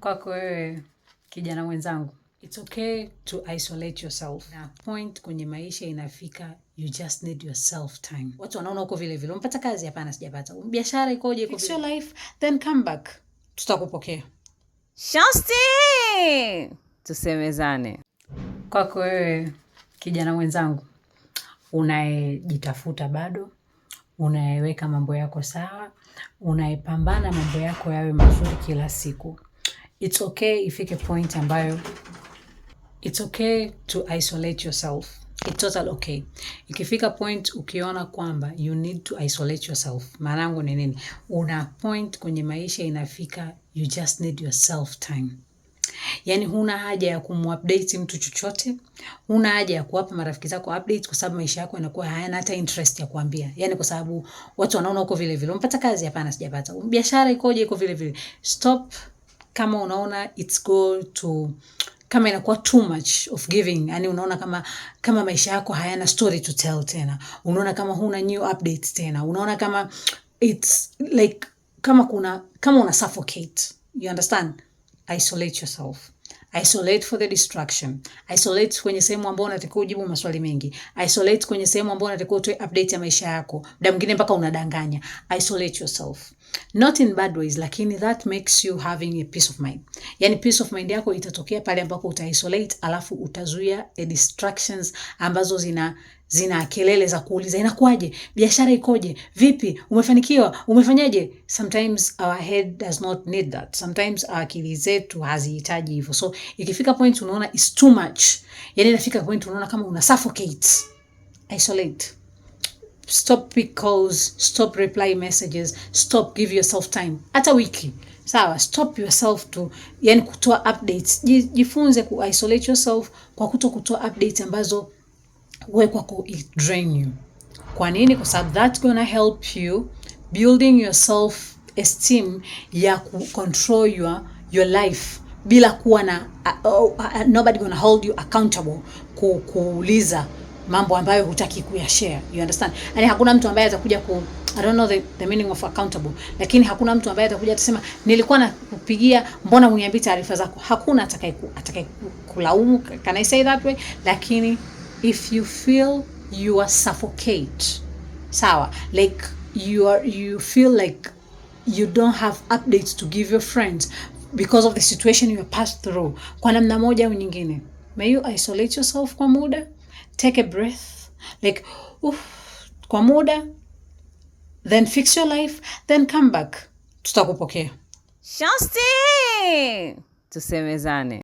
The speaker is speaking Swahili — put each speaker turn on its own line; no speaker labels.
kwako wewe kijana mwenzangu,
it's okay to isolate yourself na point kwenye maisha inafika you just need yourself time.
Watu wanaona uko vile vile, kazi? Hapana, sijapata. Biashara ikoje? iko
your life, then come back, tutakupokea.
Shosti, tusemezane. Kwako wewe kijana mwenzangu unayejitafuta bado, unayeweka mambo yako sawa, unayepambana mambo yako yawe mazuri kila siku
It's okay ifike point ambayo it's okay to isolate yourself. It's total okay. Ikifika point ukiona kwamba you need to isolate yourself, maana yangu ni nini? Una point kwenye maisha inafika, you just need yourself time. Yaani huna haja ya kumupdate mtu chochote, huna haja ya kuwapa marafiki zako update, kwa sababu maisha yako yanakuwa hayana hata interest ya kuambia. Yaani kwa sababu watu wanaona uko vile vile, umepata kazi? Hapana, sijapata. Biashara ikoje? Iko vile vile. Stop kama unaona it's go to kama inakuwa too much of giving, yani unaona kama kama maisha yako hayana story to tell tena, unaona kama huna new updates tena, unaona kama it's like kama kuna kama una suffocate, you understand, isolate yourself. Isolate for the distraction. Isolate kwenye sehemu ambayo unatakiwa ujibu maswali mengi. Isolate kwenye sehemu ambayo unatakiwa utoe update ya maisha yako. Muda mwingine mpaka unadanganya. Isolate yourself. Not in bad ways, lakini that makes you having a peace of mind. Yani peace of mind yako itatokea pale ambapo utaisolate alafu utazuia distractions ambazo zina zina kelele za kuuliza inakuwaje, biashara ikoje, vipi, umefanikiwa, umefanyaje? Sometimes our head does not need that, sometimes our akili zetu hazihitaji hivyo. So ikifika point unaona is too much, yani inafika point unaona kama una suffocate, isolate Stop pick calls, stop reply messages, stop give yourself time. Hata wiki sawa, stop yourself to, yani kutoa updates. Jifunze ku isolate yourself kwa kuto kutoa updates ambazo we kwako it drain you. Kwa nini? Kwa sababu that gonna help you building your self esteem ya ku control your, your life bila kuwa na uh, uh, uh, nobody gonna hold you accountable ku, kuuliza mambo ambayo hutaki kuyashare, you understand? Yani hakuna mtu ambaye atakuja ku I don't know the, the meaning of accountable, lakini hakuna mtu ambaye atakuja atasema nilikuwa nakupigia, mbona uniambi taarifa zako? Hakuna atakaye atakaye kulaumu, can I say that way? Lakini if you feel you are suffocate sawa like you are you feel like you don't have updates to give your friends because of the situation you passed through kwa namna moja au nyingine may you isolate yourself kwa muda take a breath like uf, kwa muda then fix your life then come back tutakupokea
Shansti tusemezane